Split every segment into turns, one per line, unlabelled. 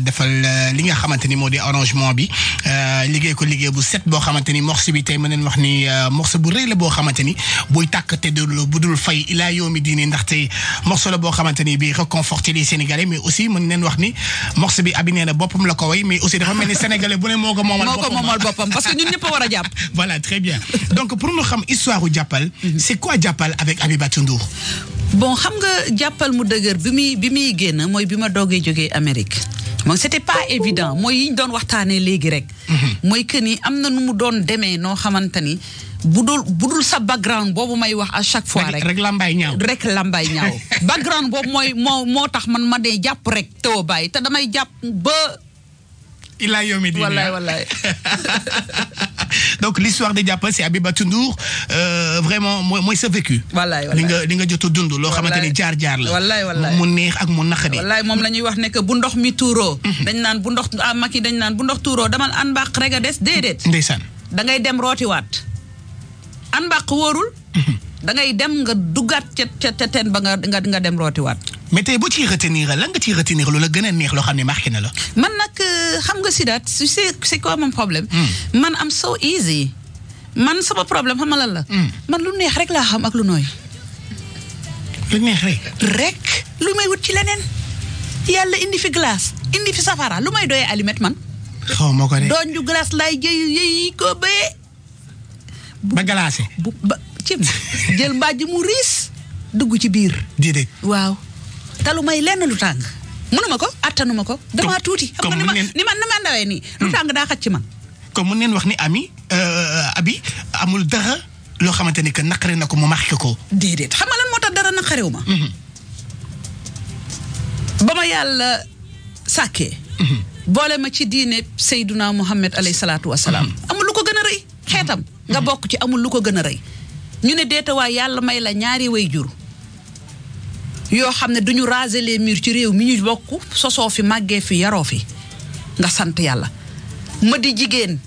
defal euh, li nga xamante ni moo di arrangement bi euh, liggéey ko liggéey bu set boo xamante ni morceau bi tey mën nañ wax ni euh, morceau bu rëy la boo xamante ni buy tàkk te dul bu dul fay ilaa yoomi diini ndaxte la boo xamante bi réconforté les Sénégalais mais aussi mën nañ wax ni morceau bi abi boppam la ko mais aussi dafa mel ni Sénégalais bu ne boppam moo ko moomal a war a jàpp. voilà très mhm.
bon xam nga jàppal mu dëgër bi muy bi mooy bi ma doogee jógee Amérique moom c'était pas évident mooy yi ñu doon waxtaanee léegi rek. Mhm. mooy que ni am na nu mu doon demee noo xamante ni budul budul sa background boobu may wax a chaque fois rek. rek lambay ñaaw rek lambay ñaaw. background boobu mooy moo moo tax man ma dee jàpp rek teewoo bàyyi te damay jàpp
ba. ilaa yomi dina wallaay ah. wallaay. donc l'histoire de Diapa c'est Abibatou Ndour euh, vraiment mooy mooy sa vécu. wallaay li nga li nga jot dund. loo xamante ni jaar jaar la. wallaay wallaay mu neex ak mu naqadi. wallaay moom la ñuy wax ne que bu ndox mi tuuroo.
Mhm. dañ naan bu ndox ah Macky dañ naan bu ndox tuuroo damal an mbaq rek a des déedéet. ndeysaan da ngay dem waat an mbaq wóorul. Mhm. da ngay dem nga duggaat ca ca ca teen ba nga nga dem rootiwaat.
mais tey bu ciy retenir lan nga ciy retenir lu la gën a neex loo xam ne ki na la.
man nag euh, xam nga si daat tu sais problème. Hmm. man am so easy. man sama problème xam nga lan la. Hmm. man lu neex rek laa xam ak lu nooy. lu neex rek. lu may wut ci leneen. yàlla indi fi glace indi fi safara lu may doyee aliment man.
xaw ma ko lay doon
ju glace laay jëy yëy ko béyee. ba glacé. ba cim jël mbaaj mu riis dugg ci biir. déedéet talu may lenn lu tàng mënuma ko attanuma ko. dama
tuuti xam nga ni ma ni ma ndawee nii. lu hmm. tàng daa xaj ci man. kon mën neen wax ni ami euh, abi amul dara loo xamante ni que naqare na ko mu marqué ko. déedéet xam nga lan moo tax dara naqarewu ma. Hmm. ba ma yàlla sàkkee.
Hmm. boole ma ci diine Seyduna Muhammad alay salaatu wa salaam. amul lu ko gën a rëy xeetam. nga bokk ci amul lu ko gën a rëy. ñu ne deeta waay yàlla may la ñaari way yoo xam ne duñu raser les murs ci réew mi ñu bokk sosoo fi màggee fi yaroo fi nga sant yàlla ma di jigéen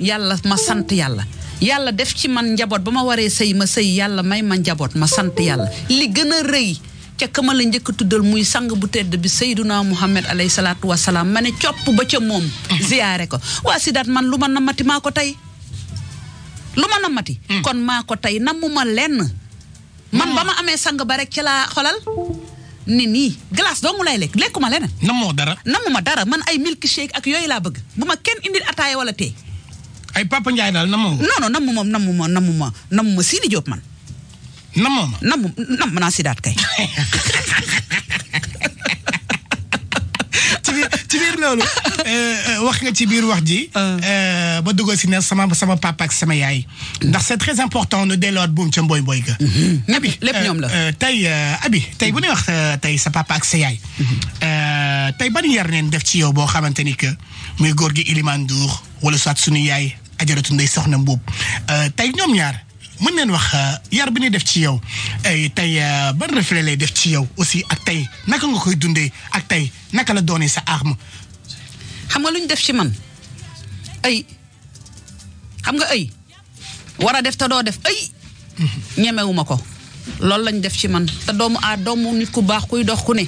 yàlla ma sant yàlla yàlla def ci man njaboot ba ma waree sëy ma sëy yàlla may ma njaboot ma sant yàlla li gën a rëy ca kama la njëkk tuddal muy sang bu tedd bi Seyduna Muhammad alayhi salaatu wa ma ne copp ba ca moom. ziyaare ko waa Sidaat man lu ma namati maa ko tey lu ma namati. Hmm. kon maa ko tey namu ma lenn. man hmm. ba ma amee sang ba rek ca ne nii glace doo mu lay lekk lekkuma na namoo dara. namuma dara man ay milkshake ak yooyu laa bëgg bu ma kenn indil ataaya wala tee. ay papa Ndiaye daal namoo. non non namuma namuma namuma namuma Sidi Diop man. namoo ma namu nam naa sidaat
kay. biir ci biir loolu. Euh, euh, wax nga ci biir wax ji. Ah. Euh, ba dugal si ne sama sama papa ak sama yaay. Mm. ndax c'est très important nu delloo buum ca mboy mboy ga. nabi mm-hmm. lépp ñoom la tey abi tey bu ñuy wax tey sa papa ak sa yaay. Mm-hmm. tey ban yar neen def ci yow boo xamante ni que muy góor gi Iliman Ndour wala soit sunu yaay ajaratu ndey soxna Mbuub tey ñoom ñaar. mën neen wax euh, yar bi ñuy def ci yow tey euh, ban reflet lay def ci yow aussi ak tey naka nga koy dundee ak tey naka la doonee sa arme. xam nga lu ñu def ci man ay xam nga ay
war a def ta doo def ay ñemewuma ko loolu lañ def ci man te doomu a doomu nit ku baax kuy dox ku ne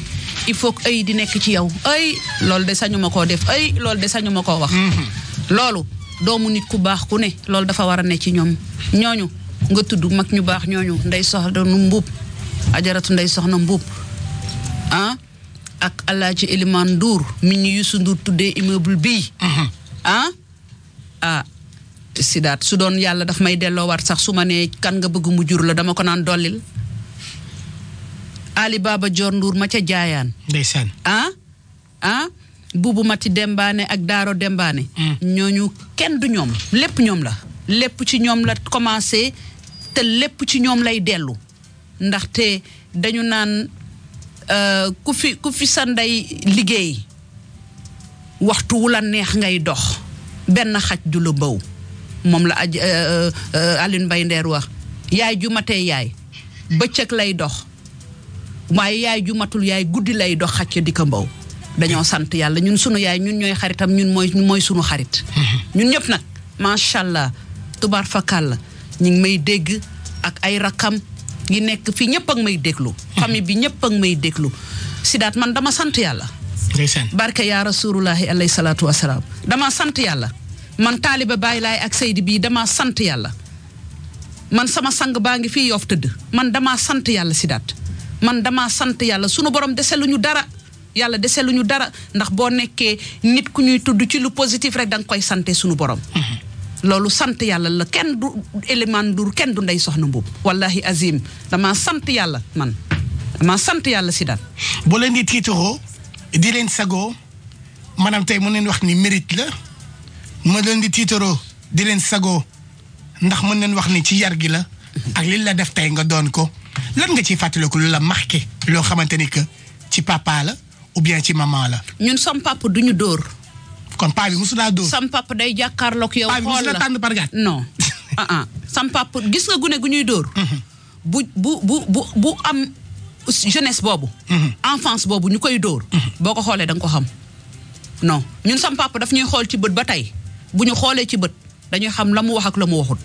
il faut ay di nekk ci yow ay loolu de sañu ma koo def ay loolu de sañu ma koo wax mm-hmm. loolu doomu nit ku baax ku ne loolu dafa war a ne ci ñoom ñooñu nga tudd mag ñu baax ñooñu nday soxna mbuub ajaratu nday soxna mbuub ah ak alaaji Eliman Ndour mi ñu Youssou Ndour tuddee immeuble bii uh-huh. ah ah sidaat su doon yàlla dafa may delloowaat sax su ma nee kan nga bëgg mu jur la dama ko naan dollil Ali Baba Dior ma ca jaayaan ndeysaan ah ah buubu dembaane ak daaro dembaane mm. ñooñu kenn du ñoom lépp ñoom la lépp ci ñoom la commencé te lépp ci ñoom lay dellu ndaxte dañu naan euh, ku fi ku fi sa ndey liggéey waxtu wu neex ngay dox benn xaj du la bëw moom la aj euh, euh, alin Mbaye Nder wax yaay ju matee yaay bëccëg lay dox waaye yaay ju matul yaay guddi lay dox xaj di ko mbaw dañoo sant yàlla ñun sunu yaay ñun ñooy xaritam ñun mooy mooy sunu xarit mm-hmm. ñun ñëpp nag macha allah tubaar fakal la ñu ngi may dégg ak ay rakkam yi nekk fii ñëpp ak may déglu. Hmm. famille bi ñëpp ak may déglu. Sidaat man dama sant yàlla. barke yaa rasulullahi alayhi salaatu wa dama sant yàlla. man taaliba bàyyi laay ak Seydi bii dama sant yàlla. man sama sang baa ngi fi yoof tëdd man damaa sant yàlla Sidaat man dama sant yàlla sunu borom dese lu ñu dara yàlla dese lu ñu dara ndax boo nekkee nit ku ñuy tudd ci lu positif rek da nga koy sante sunu borom. Hmm. loolu sant yàlla la kenn du Elimane duur kenn du ndey soxna mbubb wallahi azim dama sant yàlla man
dama sant yàlla si daal boo leen di tiitaroo di leen sagoo maanaam tey mën leen wax ni mérite la mën leen di tiitaroo di leen sagoo ndax mën leen wax ni ci yar gi la ak li la def tey nga doon ko lan nga ciy fàttaliku lu la marqué loo xamante ni que ci papa la ou bien ci maman la
ñun som papa duñu dóor kon paa bi musu laa dóor. sam day jàkkaarloog yow. xool la paa bi musu la tànn pargaat. Ah, ah. gis nga gune gu ñuy dóor. Mhm. bu bu bu bu bu am jeunesse boobu. Mhm. enfance boobu ñu koy dóor. Mhm. boo ko xoolee danga ko xam. non ñun sam papa daf ñuy xool ci bët ba tey bu ñu xoolee ci bët dañuy xam la mu wax ak la mu waxut.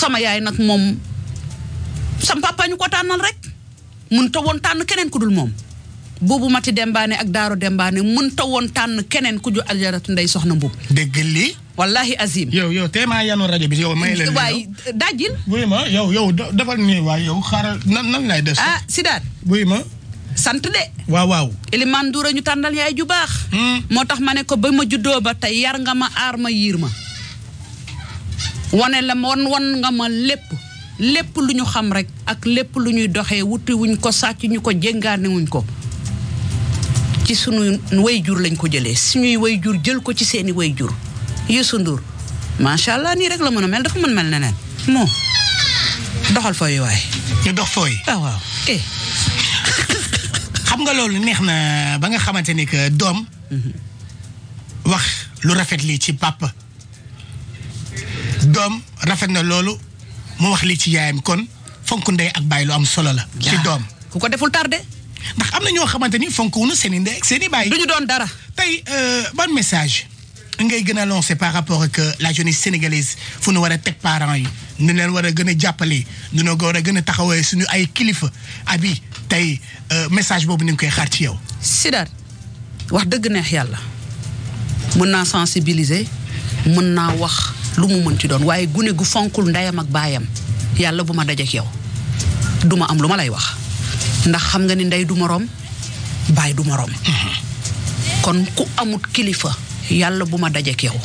sama yaay nag moom sam ñu ko tànnal rek mun ta woon tànn keneen ku dul moom. boobu mati dembaane ak daaro dembaane mënta woon tànn keneen ku ju ajaratu ndey soxna mbubb
dégg lii wallahi azim yow yow tey maa yanu
rajo bi yow may leen waay dajil buy ma yow yow defal nii yow xaaral nan nan lay des ah sidaat buy ma sant de waaw waaw Eliman Ndoura ñu tànnal yaay ju baax hmm. moo tax ma ne ko ba ma juddoo ba tey yar nga ma aar ma yiir ma wane la ma won nga ma lépp lépp lu ñu xam rek ak lépp lu ñuy doxe wuti ko sàcc ñu ko jéngaane ko ci suñu jur lañ ko jëlee suñuy wayjur jël ko ci seeni wayjur Youssou Ndour macha allah nii rek la mën a mel dafa mën mel neneen
moo doxal fooy waay. ñu dox fooy. Ah, eh. xam nga loolu neex na ba nga xamante ni que doom. wax lu rafet lii ci papa. doom rafet na loolu mu wax lii ci yaayam kon fonk ndey ak bàyyi lu am solo la. ci doom ku ko deful tardé. ndax am na ñoo xamante ni fonk wuñu seen i ndey ak seen i baay. du ñu doon dara. tey euh, ban message ngay gën a lancer par rapport ak euh, la jeunesse sénégalise fu nu war a teg parents yi nu leen war a gën a jàppale nu ñu war a gën a taxawee suñu ay kilifa abi tey euh, message boobu ni ngi koy xaar ci yow. Sidaat wax dëgg
neex yàlla mën naa sensibiliser mën naa wax lu mu mën ci doon waaye gune gu fonkul ndeyam ak baayam yàlla bu ma dajeek yow duma am lu ma lay wax. ndax xam nga ni ndey du moroom baay du moroom. kon ku amut kilifa yàlla bu ma dajeek yow.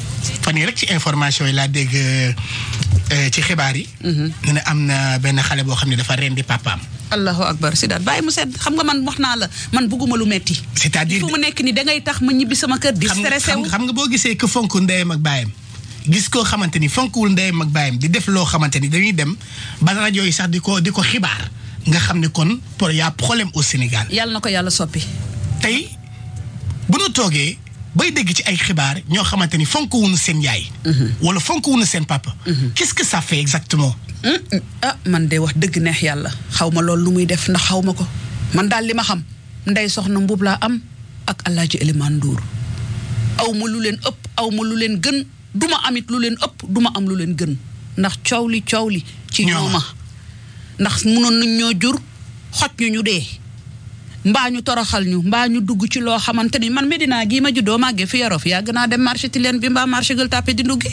fan yi rek ci information yi laa dégg euh, ci xibaar yi. Mhm. ñu ne am na benn xale boo xam ne dafa rendi papaam.
allahu akbar si daal bàyyi mu sedd xam nga man wax naa la man bugguma lu metti c'est-à-dire mu nekk ni dangay tax ma
ñibbi sama kër di stressé wu xam nga boo gisee que fonk ndeyam ak baayam gis koo xamante ni fonkuwul ndeyam ak baayam di def loo xamante ni dañuy dem ba rajo yi sax di ko di ko xibaar nga xam ne kon pour y' a problème au Sénégal. yàlla na ko yàlla soppi. tey bu nu toogee bay dégg ci ay xibaar ñoo xamante ni fonk wuñu seen yaay. Mhm. wala fonk wuñu seen papa. Mhm. qu'est-ce que ça fait exactement. ah man de wax dëgg neex yàlla xaw ma loolu lu muy
def ndax xaw ma ko man daal li ma xam nday soxna mbuub laa am ak Alaaji Eliman Ndour aw ma lu leen ëpp aw ma lu leen gën du ma amit lu leen ëpp du ma am lu leen gën ndax coow li coow li. ci ñooma ndax mënoon nañ ñoo jur xoj ñu ñu dee mbaa ñu toroxal ñu mbaa ñu dugg ci loo xamante ni man Medina gii ma juddoo màggee fi yaroo fi yàgg naa dem marché ti leen bi mbaa marché gël tàppe di nduggi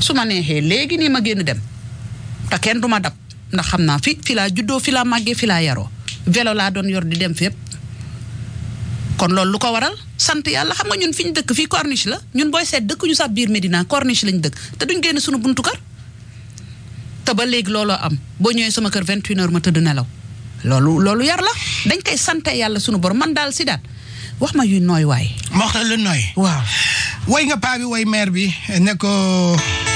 su ma neexee léegi nii ma génn dem te kenn du ma dab ndax xam naa fi fi laa juddoo fi laa màggee fi laa yaroo vélo laa doon yor di dem fépp kon loolu lu ko waral sant yàlla xam nga ñun fi ñu dëkk fii corniche la ñun booy seet dëkk ñu sax biir Medina corniche lañ dëkk te duñ génn sunu buntu kër te ba léegi looloo am boo ñëwee sama kër 21 heures ma tëdd nelaw
loolu loolu yar la
dañ koy sante yàlla sunu borom man daal si daal wax ma yu nooy waay.
ma wax la lu nooy. waaw. way nga paa bi way bi ne